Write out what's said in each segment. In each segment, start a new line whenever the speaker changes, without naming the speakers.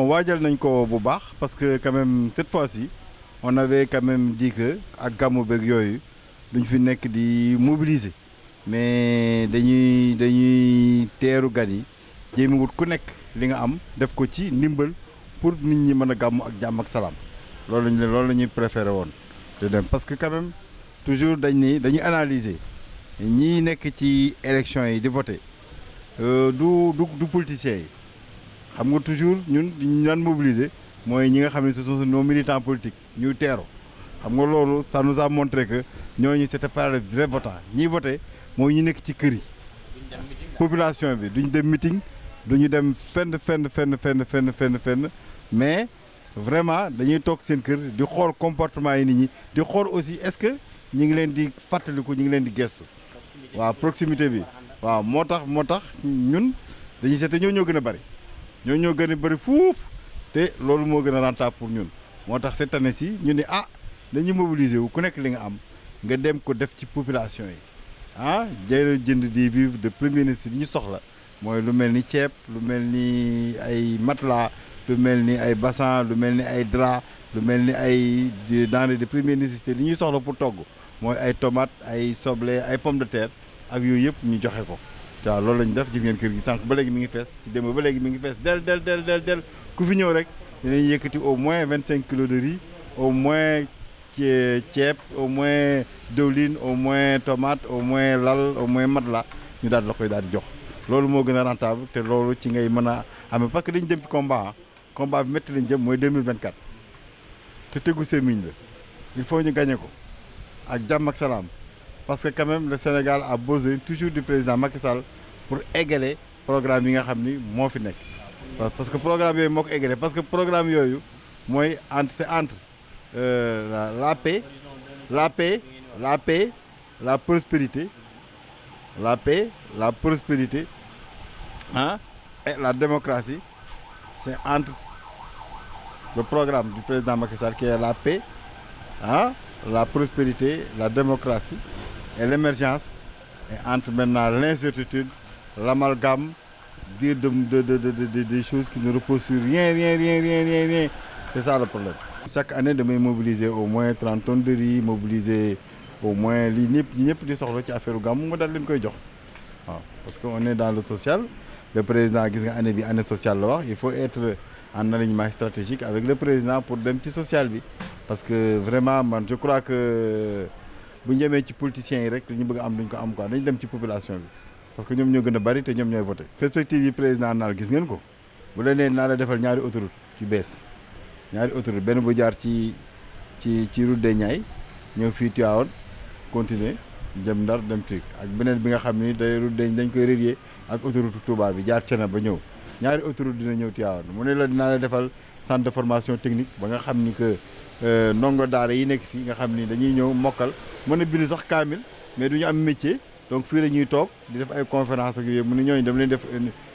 On waajal nañ ko bu baax parce que quand même fois yi on avait quand même dit ak gàmmu beeg yooyu duñ fi nekk di mobiliser mais dañuy dañuy teeru gan yi jéem wut ku nekk li nga am def ko ci ndimbal pour nit ñi mën a gàmmu ak jàmm ak salaam loolu lañ loolu la ñuy préféré woon te dem parce que quand toujours dañ ni dañuy analyser ñi nekk ci élection yi di voter euh, du du du politiciens yi. xam nga toujours ñun ñu daan mobiliser mooy ñi nga xam ne ce sont nos militants politiques ñuy teeru xam nga loolu ça nous a montré que ñooñu c'était pas les vrais votants ñiy voté mooy ñu nekk ci kër yi. population bi duñ dem meeting duñu dem fenn fenn fenn fenn fenn fenn fenn mais vraiment dañuy toog seen kër di xool comportement yi nit ñi di xool aussi est-ce que ñu ngi leen di fàttaliku ñu ngi leen di gestu. waaw proximité bi waaw moo tax moo tax ñun dañu seete ñoo ñoo gën a bari. ñoo ñoo gën a bëri fuuf te loolu moo gën a rentable pour ñun moo tax cette année ci ñu ni ah dañuy mobiliser wu ku nekk li nga am nga dem ko def ci population yi ah jël jënd di vivre de premier ministre yi ñu soxla mooy lu mel ni ceeb lu mel ni ay matelas lu mel ni ay bassin lu mel ni ay drap lu mel ni ay denrées de première nécessité li ñuy soxla pour togg mooy ay tomates ay soble ay pomme de terre ak yooyu yëpp ñu joxe ko waaw loolu lañu def gis ngeen kër gi sànq ba léegi mu ngi fees ci démb ba léegi mi ngi fees del del del ku fi ñëw rek dinañ yëkkati au moins vingt cinq kilos de au moins ceeb au moins dëwlin au moins tomate au moins lal au moins matla ñu daal la koy daal di jox loolu moo gën a rentable te loolu ci ngay mën a amee parce que dañu jëm ci combat combat bi métti lañ jëm mooy 2024 te tegu semiñ la il faut ñu gagné ko ak jàmm ak salaam parce que quand même le Sénégal a besoin toujours du président Macky pour égaler programme yi nga xam ni moo fi nekk parce que programme yooyu moo ko égaler que programme yooyu mooy entre c'est entre euh, la paix la paix la paix la prospérité la paix la prospérité ah et la démocratie c'est entre le programme du président Macky Sall est la paix ah la prospérité la démocratie et l'émergence et entre maintenant l'incertitude, l'amalgame, dire de, de, de, des choses qui ne reposent sur rien, rien, rien, rien, rien, rien. C'est ça le problème. Chaque année, de mobiliser au moins 30 tonnes de riz, mobiliser au moins li ñëpp ñi ñëpp di soxla ci affaire gàmmu mu daal leen koy jox waaw parce que on est dans le social le président gis nga année bi année sociale la wax il faut être en alignement stratégique avec le président pour dem ci social bi parce que vraiment man je crois que bu ñu demee ci politiciens yi rek li ñu bëgg am duñ ko am quoi dañ dem ci population bi parce que ñoom ñoo gën a bari te ñoom ñooy voté. perspective yi président naal gis ngeen ko bu la nee naa la defal ñaari autoroute yu bees ñaari autoroute benn bu jaar ci ci ci route des Niayes ñëw fii Tivaouane jëm Ndar dem ak beneen bi nga xam ni day route dañ koy relier ak autoroute Touba bi jaar Thiénaba ba ñëw ñaari autoroute dina ñëw Tivaouane mu ne la dinaa la defal centre de formation technique ba nga xam ni que. Euh, ndongo daara yi nekk fii nga xam ni dañuy ñëw mokkal mën a bind sax kaamil mais du am métier donc fii la ñuy toog di def ay conférence ak yooyu mu ne ñooñu leen def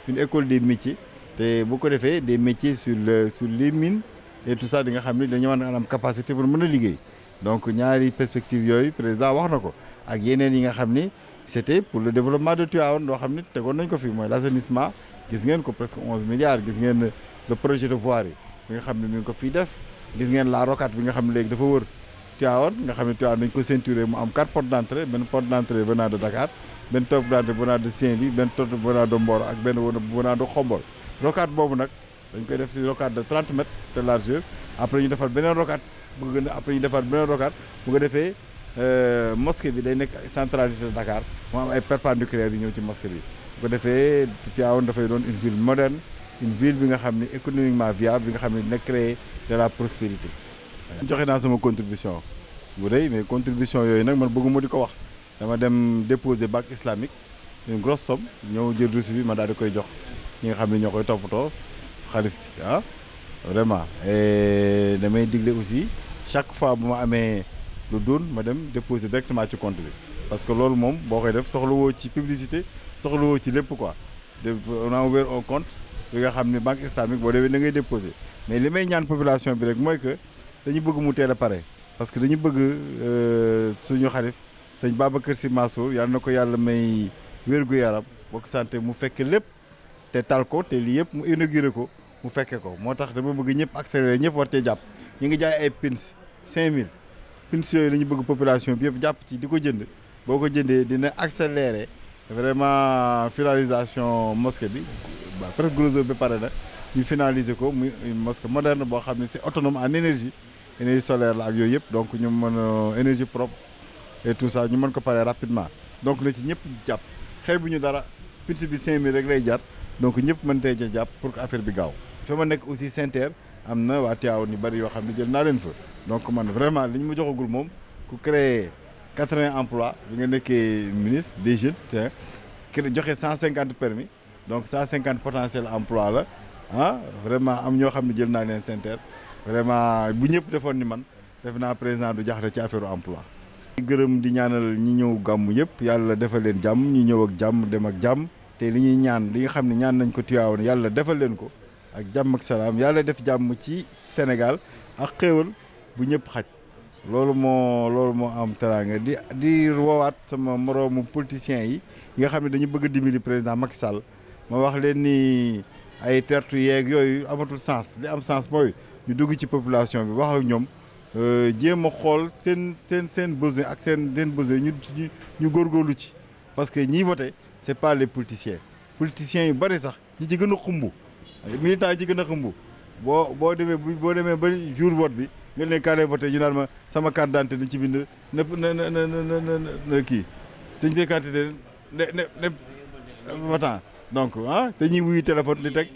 une école des métiers te bu ko defee des métiers sur le sur les mines et tout ça di nga xam ni dañu mën capacité pour mën a liggéey donc ñaari perspective yooyu président wax na ko ak yeneen yi nga xam ni c'était pour le développement de Tivaouane loo xam ni tegoon nañ ko fi mooy l'assainissement gis ngeen ko presque onze milliards gis ngeen le projet de voirie yi nga xam ne mi ngi ko fii def gis ngeen la rocade bi nga xam ne léegi dafa wër Tivaouane nga xam ne Tivaouane dañ ko ceinturer mu am quatre portes d'entrée benn porte d'entrée venant de Dakar benn porte d'entrée venant de Saint-Louis benn porte venant de Mboro ak benn koy def ci rocade de 30 mètres de largeur ñu defar beneen rocade bu gën a après ñu defar beneen rocade bu ko defee euh, mosquée bi day nekk centralité de Dakar mu am ay perpendiculaires yu ñëw ci mosquée bi bu ko defee Tivaouane dafay doon une ville moderne une ville bi nga xam ne économiquement viable bi nga xam ne dina créer de la prospérité. joxe naa sama contribution bu rëy mais contribution yooyu nag man bëgguma di ko wax dama dem déposer banque islamique une grosse somme ñëw jël reçu bi ma daal di koy jox ñi nga xam ne ñoo koy toppatoo xalif bi ah vraiment damay digle aussi chaque fois bu ma amee lu doon ma dem déposer directement ci compte bi parce que loolu moom boo koy def soxla woo ci publicité soxlawoo ci lépp quoi de a ouvert un bi nga xam ne banque islamique boo demee da ngay déposé mais li may ñaan population bi rek mooy que dañu bëgg mu teel a pare parce que dañu bëgg euh, suñu xalif sëñ kër Sy Mansour yàlla na ko yàlla may wér-gu-yaram bokk santé mu fekke lépp te tal ko te lii yëpp mu inauguré ko mu fekke ko moo tax dama bëgg ñëpp accéléré ñëpp war jàpp ñu ngi jaay ay pins 5000 pins yooyu la ñu bëgg population bi yëpp jàpp ci di ko jënd boo ko jëndee dina accéléré vraiment finalisation mosque bi waaw presque gros bi pare na ñu finaliser ko muy une mosquée moderne boo xam ne si autonome en énergie énergie solaire la ak yooyu yëpp donc ñu mën a énergie propre et tout ça ñu mën ko paree rapidement donc na ci ñëpp jàpp xëy bu ñu dara piti bi cinq mille rek lay jar donc ñëpp mën tey ja jàpp pour que affaire bi gaaw fi ma nekk aussi Saint-Ère am na waa Tivaouane ñu bari yoo xam ne jël naa leen fa donc man vraiment li ñu ma joxagul moom ku créer 80 emplois bi nga nekkee ministre des jeunes ki joxe cent 150 permis donc cinquante potentiel emploi la ah vraiment am ñoo xam ne jël naa leen seen vraiment bu ñëpp defoon ni man def naa président du jaxle ci affaire emploi gërëm di ñaanal ñi ñëw gàmm yëpp yàlla defal leen jàmm ñu ñëw ak jàmm dem ak jàmm te li ñuy ñaan li nga xam ne ñaan nañ ko tuyaawoon yàlla defal leen ko ak jàmm ak salaam yàlla def jàmm ci Sénégal ak xéewal bu ñëpp xaj loolu moo loolu moo am teraanga di di woowaat sama moroomu politiciens yi nga xam ne dañu bëgg a dimbali président Macky Sall ma wax leen ni ay tertu yeeg yooyu amatul sens li am sens mooy ñu dugg ci population bi wax ak ñoom euh, jéem a xool seen seen seen besoin ak seen seen besoin ñu ñu góorgóorlu ci parce que ñii voté c'est pas les politiciens politiciens yu bari sax ñi ci gën a xumb militants yi ci gën a xumb boo boo demee bu boo demee ba jour vote bi nga ne kaale voté ñu naan ma sama carte d'identité ni ci bind na na na na na kii sëñ see carte d'identité ne ne ne votant donc ah dañuy wuyu téléphone di teg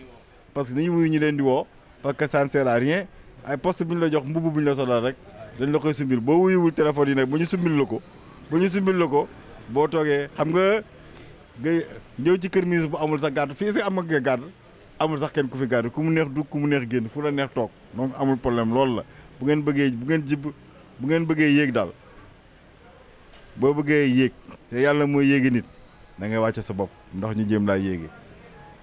parce que dañuy wuyu ñu leen di woo parce que ça ne sert à rien ay poste bu ñu la jox mbubb bu ñu la solal rek dañ la koy sumbil boo wuyuwul téléphone yi nag bu ñu sumbil la ko bu ñu sumbil la ko boo toogee xam nga nga ñëw ci kër ministre bu amul sax garde fii si am nga garde amul sax kenn ku fi garde ku mu neex dugg ku mu neex génn fu la neex toog donc amul problème loolu la bu ngeen bëggee bu ngeen jibb bu ngeen bëggee yéeg daal boo bëggee yéeg te yàlla mooy yéegi nit da ngay wàcce sa bopp ndax ñu jéem laa yéegi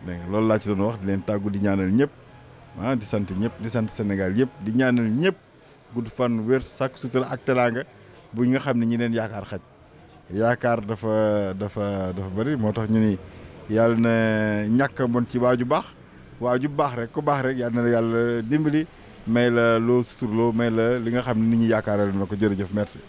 dégg nga loolu laa ci doon wax leen tàggu di ñaanal ñëpp ah di sant ñëpp di sant senegal yëpp di ñaanal ñëpp gudd fan wér sàkk sutura ak teraanga bu nga xam ne ñu leen yaakaar xaj yaakaar dafa dafa dafa bëri moo tax ñu ni yàlla na ñàkk a ci waaju baax waaju baax rek ku baax rek yàlla na yàlla dimbali. may la loo suturloo may la li nga xam ne nit ñi yaakaaral na ko jërëjëf merci.